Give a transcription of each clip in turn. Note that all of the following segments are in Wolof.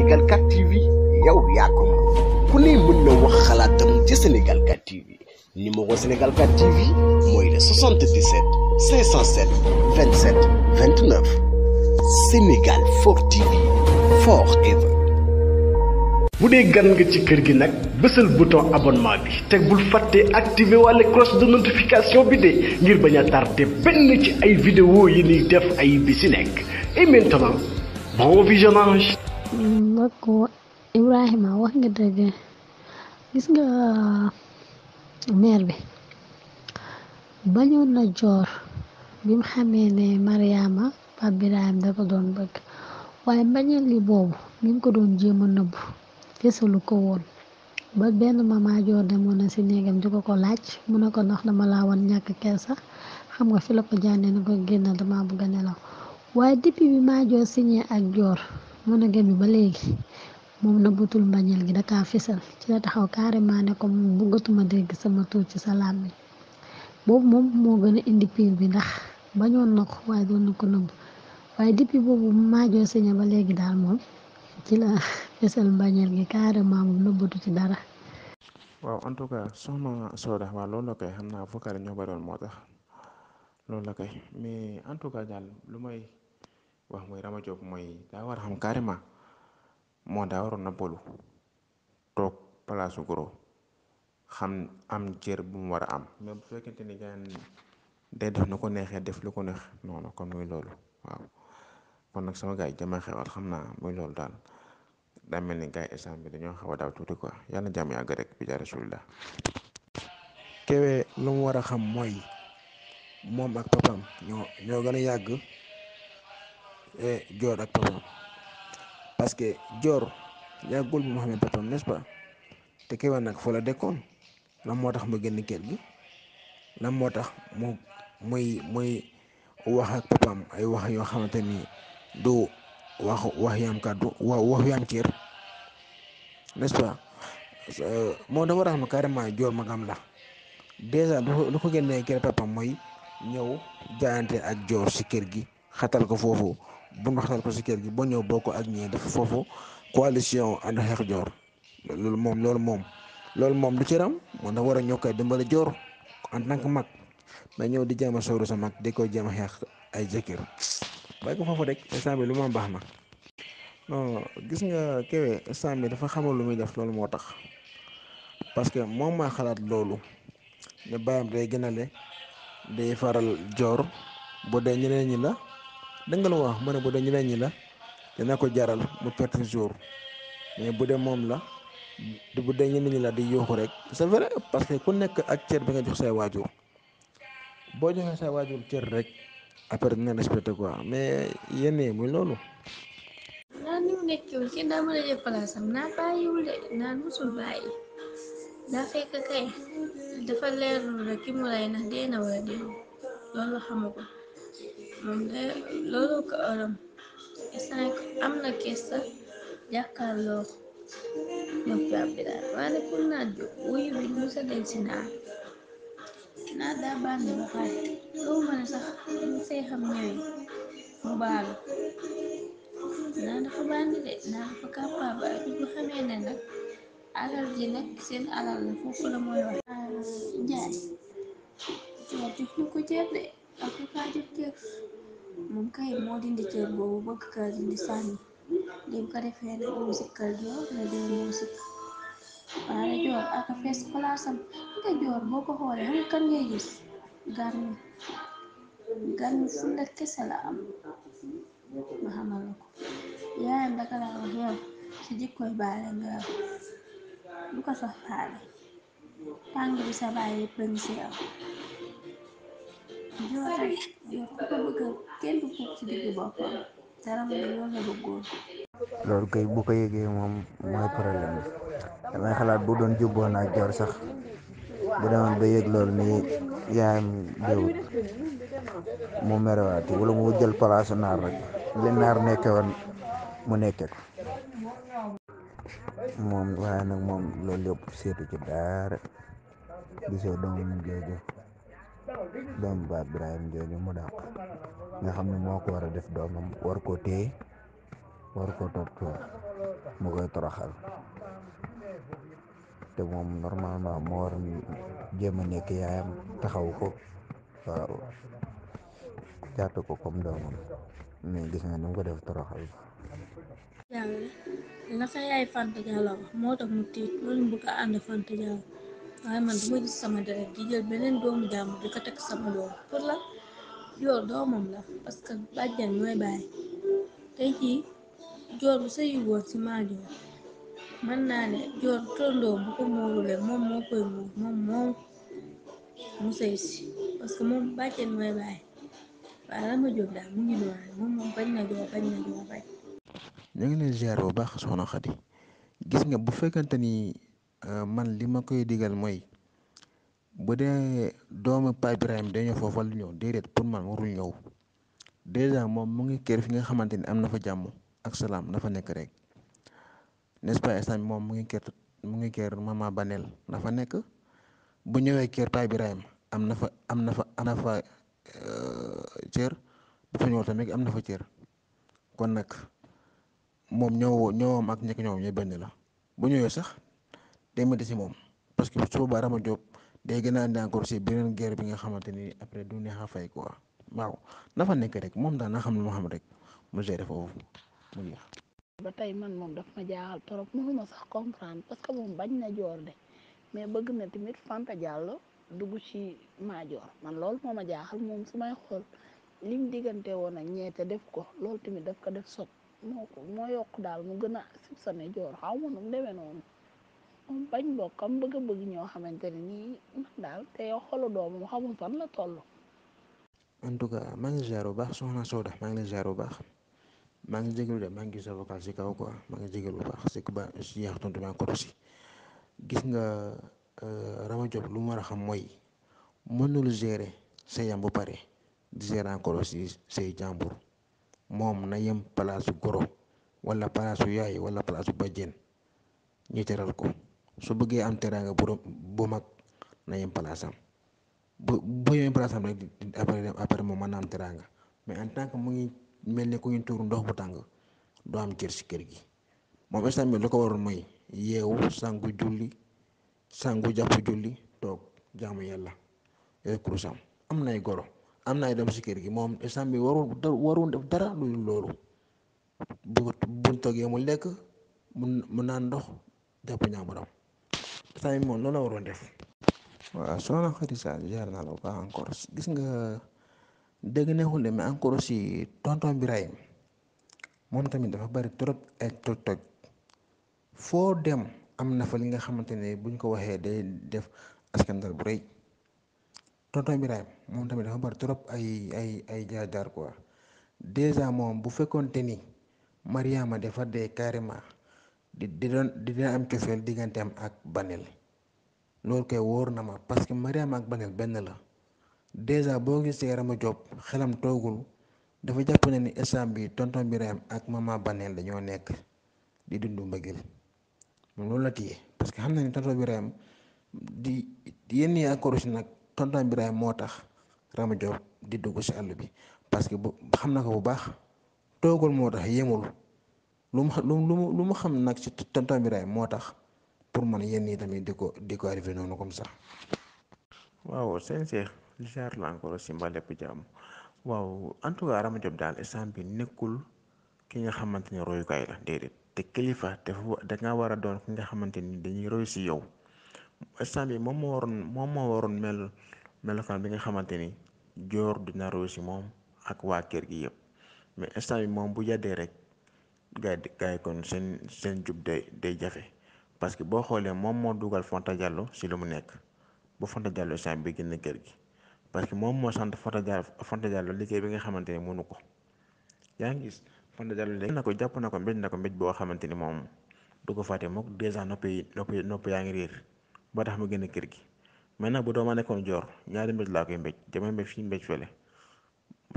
Sénégal 4 TV yow yakum. ko ku mën na wax xalaatam ci Sénégal 4 TV numéro Sénégal 4 TV moy le 77 507 27 29 Sénégal 4 TV forever. bu dee gan nga ci kër gi nag bésal bouton abonnement bi teg bul fàttee activer walla cloche de notification bi de ngir bañ a tardé benn ci ay vidéo yi ni def ay bi si nekk et maintenant bon visionnage Ibrahima wax nga dëgg gis nga euh, maire bi bañoon na joor bi mu xamee ne Mariama Pape Birahim dafa doon bëgg waaye mbañeel li boobu mi ngi ko doon jéem a nëbbu fësalu ko woon ba benn mama joor demoon na si néegam di ko ko laaj mu ne ko ndox dama laa woon ñàkk kersa xam nga fi la ko jànnee ne ko génnal dama bëgg nelaw waaye depuis bi maa joor signé ak joor. monogame bi ba léegi moom nëbbatul mbañeel gi daka fisal ci la taxaw carrément ne ko moom bëggatuma dégg sama tur ci salaam làmmiñ boobu moom moo gën a indi piir bi ndax bañoon na ko waaye doon na ko nëbb waaye depuis boobu maajoo saña ba léegi daal moom ci la fisal mbañeel gi carrément moom nëbbatu ci dara waaw en tout cas soxna Soda waaw loolu la xam naa fokkaare ñoo baroon moo tax loolu la koy mais en daal lu may wax moy rama job mooy daa war xam carrément mo da waro na bolu tok palaasu gro xam am cër bu mu wara am mais bu fekkante ni gaan day def nako ko ya, def lu ko neex non non kon moy lolu waaw kon nak sama gaay jama xewal xamna moy lolu dal da melni gaay bi dañu xawa daw tuti quoi yalla jàmm yag rek bi jara rasulullah kewe lu mu wara xam moy mom ak papam ño ño gëna yag Dior ak Papam parce que Dior yàggul mu xamee Papam n'est-ce pas te Kéwel nag fa la dëkkoon lan moo tax mu génn kër gi lan moo tax mu muy muy wax Papam ay wax yoo xamante ni du wax wax yaam kàddu wax wax yaam cër n'est-ce pas moom dama war a xam carrément magam la déjà lu ko génnee kër Papam mooy ñëw jaayante ak joor si kër gi xatal ko foofu. bu ñu waxtaan ko si boo ñëw bokk ak ñii dafa foofu coalition ànd xeex joor loolu moom loolu moom loolu moom du ci ram moo tax war a ñëw kay dimbale joor en tant que mag mais ñëw di jéem a sóoru sa mag di ko jéem a xeex ay jëkkër bàyyi foofu rek bi lu ma baax na non gis nga kéwee dafa xamal lu muy def loolu moo tax parce que moom maa xalaat loolu ne bàyyam day gënale day faral joor bu dee ñeneen ñi la danga la wax ma ne bu dee ñeneen ñi la dina ko jaral mu perte jour mais bu dee moom la bu dee ñeneen ñi la di yuuxu rek c'est vrai parce que ku nekk ak cër bi nga jox say waajur boo joxee say waajur cër rek après dina respecté quoi mais yéen muy loolu. naa ni mu kenn daa mën a jël place naa bàyyiwul de naa musul bàyyi daa fekk kay dafa leerlu rek ki mu lay nax dee na wala dee loolu xamu ko. loolu ko oram isaan am na keesa jàkkaarloo ñoom Pape Birame waaye pour naa jóg wuyu bi Musa del si naa naa daa bànni ba pare loolu ma sax ñu say ñëwee mu baalu naa dafa bànni de naa dafa kàppaaba ak xamee nag alal ji nag seen alal la foofu la mooy wax jaay jaay ci ko ceeb de Aku kaget modin da ke gobe kazin lisani limka da fiye da music kardiyo da da music musik jor aka fes kolasam ita jor boko hore han kan ngay gis garmi garmi ya kese la am ma xamal ko yaayam da kala wax yow sa jikkoy baale nga joxe yor ku ko moom mooy problème bi damay xalaat bu doon jubboon ak Dior sax bu demoon ba yëg loolu ni yaayam déwut mu merewaati wala mu jël palaasu naar rek li naar nekke mu nekke ko moom waaye nag moom loolu yëpp seetu ci daara gisoo doomam jooju doomu ba Ibrahima jooju mu dàq nga xam ne moo ko war a def doomam war koo téye war ko toppatoo mu koy toroxal te moom normalement moo war jéem a nekk yaayam taxaw ko waaw jàppe ko comme doomam mais gis nga ni ko def toroxal ko. yàlla na sa moo tax mu tiit loolu mu bëgg a waaye man duma gis sama deret di jël beneen doomu jàmbur di ko teg sama doom pour la joor doomam la parce que bàjjan bàyyi tey jii joor bu sëyi woon ci maajoor mën naa ne joor tondoom mu sëy si parce que moom moom bañ na joor bañ na joor bañ ñu ngi leen ziar bu baax soxna Xadi gis nga bu fekkante ni Euh, man li ma koy diggal mooy bu dee doomu Pa Ibrahima dañoo foofu wala ñëw déedéet pour man warul ñëw dèjà moom mu ngi kër fi nga xamante ni am na fa jàmm ak salaam na fa nekk rek nest moom mu ngi mu ngi kër mama Banel na fa nekk bu ñëwee kër Pa Ibrahima am na fa am na fa fa euh, cër bu fa am na fa cër kon nag moom ñëw ñëwoom ak ñekk ñëwoom ñooy benn la bu ñëwee sax. day métti si moom parce que su boobaa Rama a andi encore si beneen guerre bi nga xamante ni après du a fay quoi waaw na fa nekk rek moom daal na xam ne moo xam mu gérer ba ma sax comprendre parce que moom bañ na joor de mais bëgg na tamit Fanta Diallo dugg ci maajoor man lool moo a jaaxal moom su may xool lim diggante woon ak ñeete def ko loolu tamit daf ko def sot moo yokk daal mu gën a joor xaw ma nu mu demee mom bañ mbokkam bëgg bëgg ñoo xamanteni ni man dal té yow xolu doomam xamul fan la tollu en tout cas man jaru bax bu soxna Soda maa ngi jaru bax man baax ngi jégalu de maa ngi sa vocal ci kaw quoi man ngi bu baax ba ci yàq ya, tontu maa ko si gis nga eh, Rama Diop lu mu war xam moy mënul gérer sa yam bu pare di gérer encore si sey jàmbur mom na yem palaasu goro wala palaasu yaay wala palaasu bajjen ñi téral ko. su bëggee am teraanga bu bu mag na yem place am bu bu yem place am rek après moom mën na am teraanga mais en tant que mu ngi mel ni ku ñu tuur ndox bu tàng doo am cër si kër gi moom instant bi lu ko waroon mooy yeewu sangu julli sangu jàpp julli toog jaamu yàlla yooyu kurusam am nay goro am nay doom si kër gi moom instant bi warul warul def dara lu loolu bu buñ toggee mu lekk mu naan ndox jàpp ñaamuram saa yi moom loolu la waroon def. waaw soxna Khady Sall jaar naa la bu baax encore gis nga dégg neexul de mais encore aussi tonton Birahim moom tamit dafa bari trop ay toj-toj foo dem am na li nga xamante ne buñ ko waxee day def scandale bu rëy tonton Birahim moom tamit dafa bari trop ay ay ay jaar-jaar moom bu fekkoonte ni Mariama dafa dee carrément. di di doon am cofeel digganteem ak Banel loolu koy wóor na ma parce que Mariama ak Banel benn la dèjà boo gisee Rama Diop xelam toogul dafa jàpp ne ni instant bi tonton Birame ak maman baneel dañoo nekk di dundu mbëggeel loolu la téye parce que xam na ni tonton Birame di yenn yi nag tonton Birame moo tax Rama Diop di dugg ci àll bi parce que bu xam na ko bu baax toogul moo tax yemul. lu ma lu lu xam nak ci tonton Birahim moo tax pour man yenn yi tamit diko diko arrivé nonu comme ça. waaw sen Cheikh jar la encore ci mbaa lépp jàmm waaw en tout cas Rama Diop daal instant bi nekul ki nga xamanteni royu kay la dedet te kilifa te da nga wara don ki nga xamanteni dañuy roy ci yow instant bi mom waron mom mel melokaan bi nga xamanteni jor dina roy ci mom ak wa kër gi yeb mais instant bi mom bu rek. gaay gaay kon seen seen jub day day jafe parce que boo xoolee moom moo dugal Fanta Diallo si lu mu nekk bu Fanta Diallo saa bi génn kër gi parce que moom moo sant Fanta Diallo Fanta Diallo liggéey bi nga xamante ni mënu ko yaa ngi gis Fanta Diallo léegi na ko jàpp na ko mbéj na ko mbéj boo xamante ni moom du ko fàtte mook dèjà noppi noppi noppi yaa ngi réer ba tax mu génn kër gi maintenant bu dooma nekkoon joor ñaari mbéj laa koy mbéj dama mbéj fii mbéj fële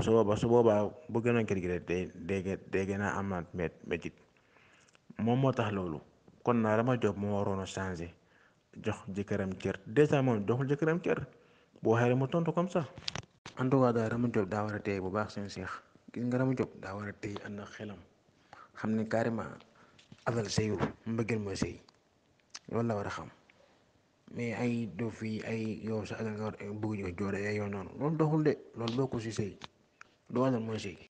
su boobaa su boobaa bu gënoon kër gi de day day gën a amaat métit moom moo tax loolu kon naa Rama Diop moo waroon a changé jox jëkkëram cër dèjà moom joxul jëkkëram cër bu waxee rek tontu comme ça. en tout cas daal daa war a téye bu baax seen seex gis nga Rama daa war a téye ànd ak xelam xam ne carrément affaire sëyul mbëggeel mooy sëy loolu la war a xam mais ay doo fii ay yow sa alal nga war a bëgg jox joore ay yoon noonu loolu doxul de loolu bokkul ci sëy Dole mu je.